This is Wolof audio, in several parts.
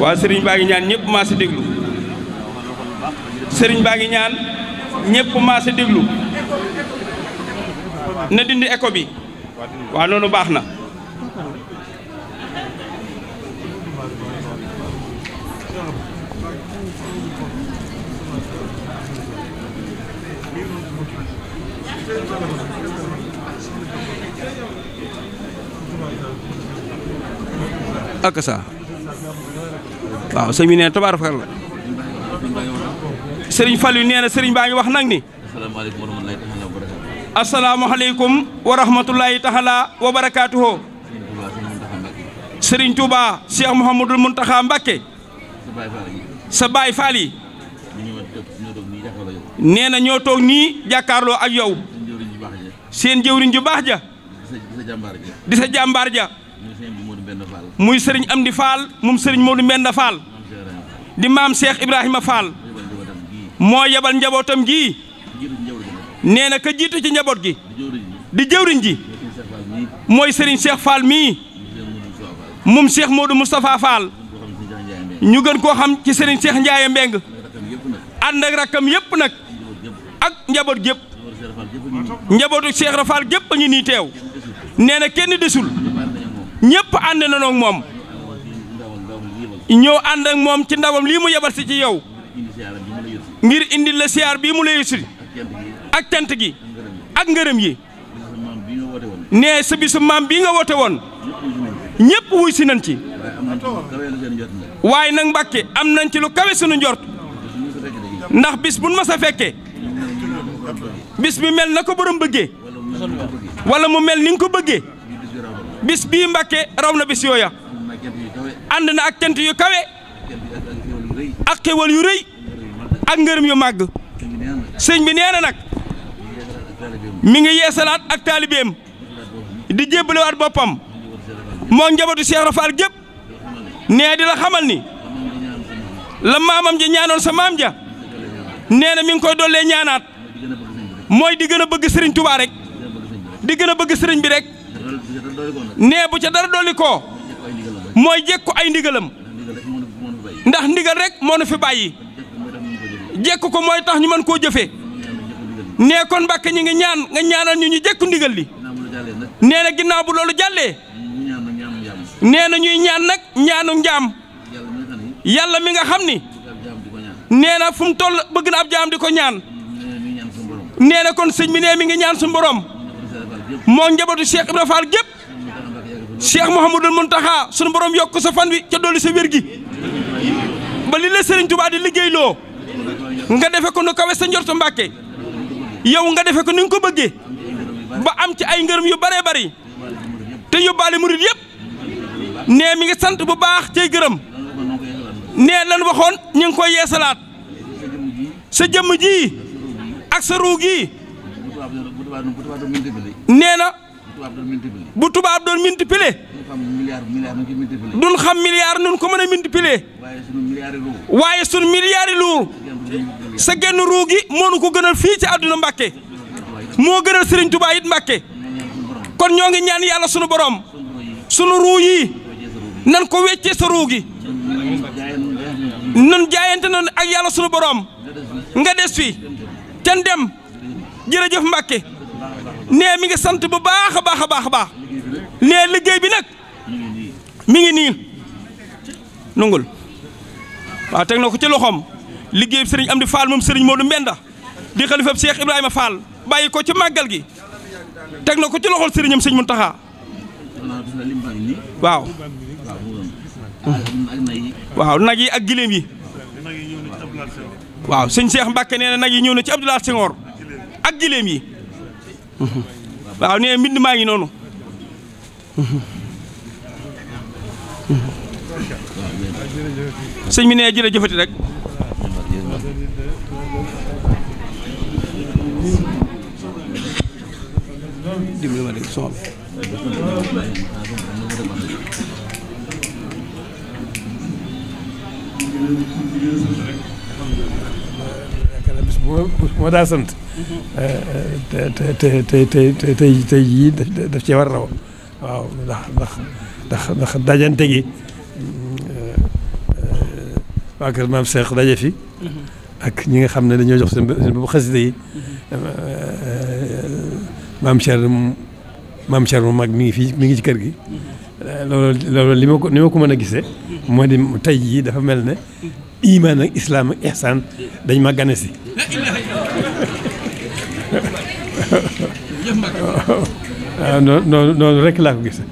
waa sëriñ baa ngi ñaan ñëpp maa si déglu sëriñ baa ngi ñaan ñëpp maa si déglu na dindi écho bi waa noonu baax na ak waaw sëñ bi nee na tabaar sëriñ Fallu nee na sëriñ baa ngi wax nag ni asalaamaaleykum wa rahmatulahi taxala wa barakaatuhu sëriñ Touba Cheikh Mouhamadul Mountakha Mbacké sa baay faal yi nee na ñoo toog nii jàkkaarloo ak yow seen jëwriñ ju baax ja di sa jàmbaar ja muy sëriñ Amdi Fall moom sëriñ Modou Mbenda Fall di maam Cheikh Ibrahima Fall moo yebal njabootam gi nee na ka ci njaboot gi di jëwriñ ji mooy Serigne Cheikh Fall mii moom Cheikh Modou Moustapha Fall ñu gën koo xam ci Serigne Cheikh Ndiaye Mbeng ànd ak rakkam yépp nag ak njaboot gépp njabootu Cheikh Rafal gépp a ngi nii teew nee na kenn desul ñépp ànd na noog moom ñëw ànd ak moom ci ndawam lii mu yebal si ci yow ngir indi la siyaar bii mu lay yusri ak cant gi ak ngërëm yi nee sa bisu maam bii nga woote woon ñépp wuy si nañ ci waaye nag Mbàkke am nañ ci lu kawe sunu njort ndax bis buñ mas a fekkee bis bi mel na ko borom bëggee wala mu mel ni nga ko bëggee bii mbakke raw na bis yooya ànd na ak cant yu kawe ak xéwal yu rëy ak ngërëm yu màgg sëñ bi nee na nag mi ngi yeesalaat ak taalibeem di jébbalewaat boppam moo njabootu Cheikh Rafal gépp nee di la xamal ni la maamam ja ñaanoon sa maam ja nee na mi ngi koy dollee ñaanaat mooy di gën a bëgg sëriñ Touba rek di gën a bëgg sëriñ bi rek nee bu ca dara dolli koo mooy jekku ay ndigalam ndax ndigal rek moo nu fi bàyyi jekku ko mooy tax ñu mën koo jëfee nee kon Mbàkke ñi ngi ñaan nga ñaanal ñu ñu jekku ndigal li nee na ginnaaw bu loolu jàllee nee na ñuy ñaan nag ñaanu njaam yàlla mi nga xam ni nee na fu mu toll bëgg na ab jaam di ko ñaan nee na kon sëñ bi nee mi ngi ñaan suñu borom moo njabootu Cheikh Ibra Fall gépp Cheikh Mouhamadul Mountakha sunu borom yokk sa fan wi ca dolli sa wér gi ba li la Serigne Touba di liggéeyloo nga defe ko nu kawe sa Mbàkke yow nga defe ko ni ko bëggee ba am ci ay ngërëm yu baree bari te yóbbaale murit yëpp nee mi ngi sant bu baax cay gërëm nee lan waxoon ñu ngi koy yeesalaat sa jëmm ji ak sa ruu gi nee na. bu tubaab doon multiplier duñ xam milliard nun ko mën a multiplier waaye sunu milliard yi luur sa genn ruu moo nu ko gënal fii ci àdduna Mbàkke moo gënal Sëriñ Tuubaa it Mbàkke kon ñoo ngi ñaan yàlla sunu borom sunu ruu yi nan ko weccee sa ruu gi nan jaayante nan ak yàlla sunu borom nga des fi ten dem jërëjëf Mbàkke nee mi ngi sant bu baax a baax a baax a baax nee liggéey bi nag mi ngi nii nungul waaw teg na ko ci loxoom liggéey bi sëriñ Amdi Fall moom sëriñ Modou Mbenda di xalifab Cheikh Ibrahima Fall bàyyi ko ci màggal gi teg na ko ci loxol sëriñam sëñ Muntaxa waaw waaw nag yi ak giléem yi waaw sëñ Cheikh Mbacke nee na nag yi ñëw na ci Abdoulaye Senghor ak giléem yi waaw nee mbind maa ngi noonu. sëñ bi nee jërëjëfati rek. dimbali rek moo daa sant. te te te te te tey tey jii daf cee war a raw waaw ndax ndax ndax ndax dajante gi euh, waa kër maam fi. ak ñi nga xam ne dañoo jox seen seen bopp xasida yi euh, maam Cheikh maam Cheikh mu mag mi ngi fii mi ngi ci kër gi. Euh, loolu loolu li ma ko mën a gisee. moo di tey jii dafa mel ne. iman ak islaam ak ihsaan dañ ma gane si waaw ah, noonu noonu rek laa ko gise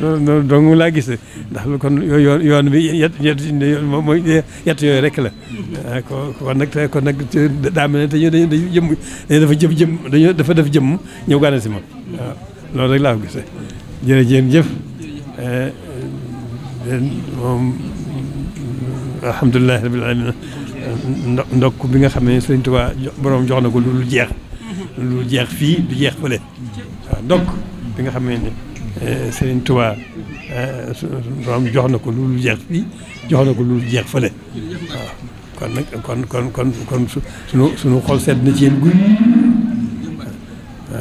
noonu noonu dong laa gise ndax kon yoon yoon bi yet yet yooyu rek la ah, kon nag kon nag mel ne te ñu dañu dañu dañu dafa jëm jëm dañu dafa def jëmm ñëw ma waaw ah, loolu rek laa ko gise jërëjëf jëf alhamdulilah rabbil alamin ndokk bi nga xam ne Sëriñ Tuubaa borom jox na ko lu jeex. lu jeex fii du jeex fële. ndokk bi nga xam ne eh, Sëriñ Tuubaa eh, borom jox na ko lu jeex fii jox ko lu jeex fële kon nag kon kon kon kon sunu xol sedd na ci yéen guy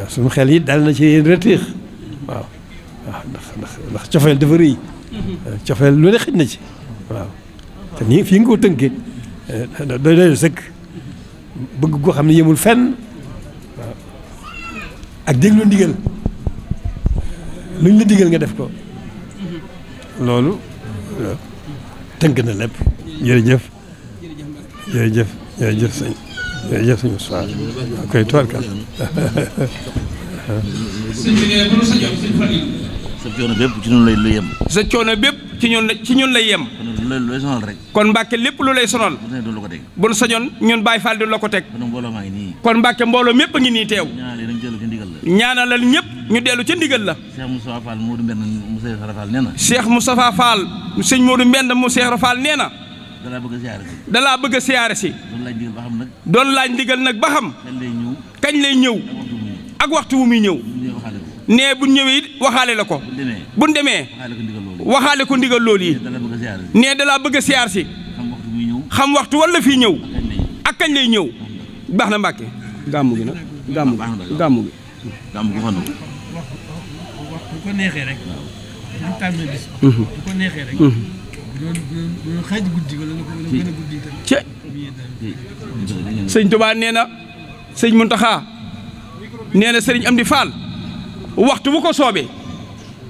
sunu xel yi daal na ci yéen rëtiix waaw waaw cofeel dafa rëy. cofeel lu ne xëj na ci te nii fi nga ko tënkee eh, doy doy sëkk bëgg koo xam ne yemul fen waaw ak déglu ndigal luñ la digal nga def ko loolu tënk na lépp jërëjëf jërëjëf jërëjëf sëñ jërëjëf sëñ Moussa koy tool kan sëñ coono bépp ci ñun ci ñun lay yem. kon lu lay sonal rek. kon Mbàkke lépp lu lay sonal. bu nu sañoon ñun Baay Faal du la ko teg. kon Mbàkke mbooloo mépp a ngi nii teew. ñaanalal ñëpp ñu dellu ca ndigal la. Cheikh mu Cheikh Rafaal nee na. Cheikh Moustapha mu Cheikh Rafaal nee na. dalaa bëgg a a si. doon laaj ndigal nag ba xam. kañ lay ñëw ak waxtu wu muy ñëw nee bu ñëwee waxaale la ko bu demee waxaale ko ndigal lool yi nee dalaa bëgg siyaar si xam waxtu walla fi ñëw ak kañ lay ñëw baax na Mbàkke gàmmu gi nag gàmmu gi gàmmu gi gàmmu gi mhm. mhm. a guddi nee na sëñ Muntaxa nee na sëriñ Amdi Fall waxtu bu ko soobee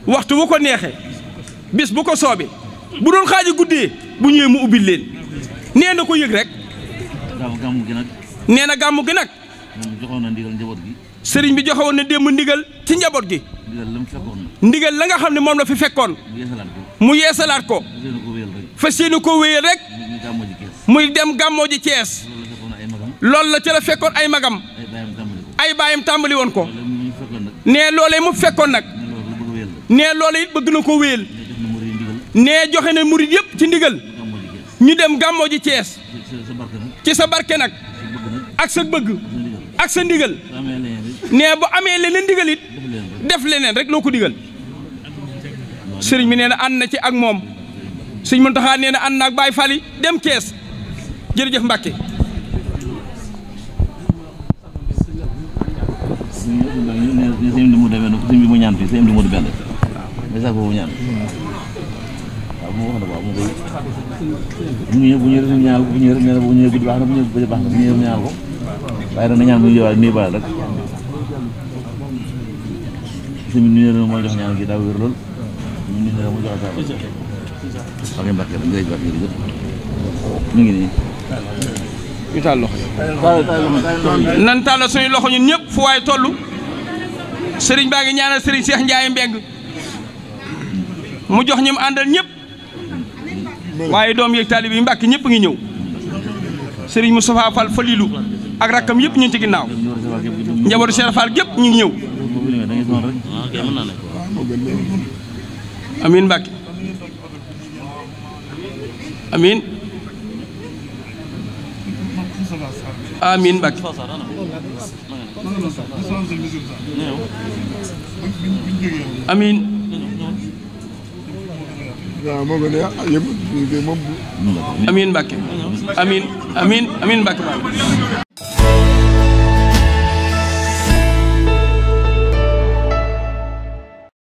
waxtu bu ko neexee bis bu ko soobee bu doon xaaji guddee bu ñëwee mu ubbil nee na ko yëg rek. gàmmu gi nee na gàmmu gi nag. joxoon na ndigal njaboot sëriñ bi joxewoon na démb ndigal ci njaboot gi. ndigal la mu la nga xam ne moom la fi fekkoon. mu yeesalaat ko. mu yeesalaat ko. wéyal rek. muy dem gàmmoo Cees. loolu la ca la fekkoon ay magam ay baayam tàmbali woon ko nee loolee mu fekkoon nag nee loole bëgg na ko wéyal nee joxe na murit yépp ci ndigal ñu dem gàmmoo ji Cees ci sa barke nag ak sa bëgg ak sa ndigal nee bu amee leneen ndigal def leneen rek loo ko digal sëriñ bi nee na ànd na ci ak moom sëriñ Muntaxa nee na ànd na ak Baay Faal dem Cees jërëjëf Mbàkke ne sëñ mu demee nag sëñ bi mu ñaan fii sëñ bi mu benn ñu bu ñu rek ñaanal ko na bu ñu guddi baax na bu ñu bëccëg baax na bu ñu rek ñaanal ko waaye suñu loxo ñun ñëpp fu waaye toll sëriñ baa ngi ñaanal sëriñ Cheikh Ndiaye Mbeng mu jox ñi mu àndal ñëpp waaye doom yeeg taalib yi mbàkk ñëpp ngi ñëw sëriñ Moustapha Fall Falilou ak rakkam yëpp ñu ngi ci ginnaaw njabootu Cheikh Fall gépp ngi ñëw amiin mbàkk amiin amiin Mbacke amiin amiin Mbacke amiin amiin amiin Mbacke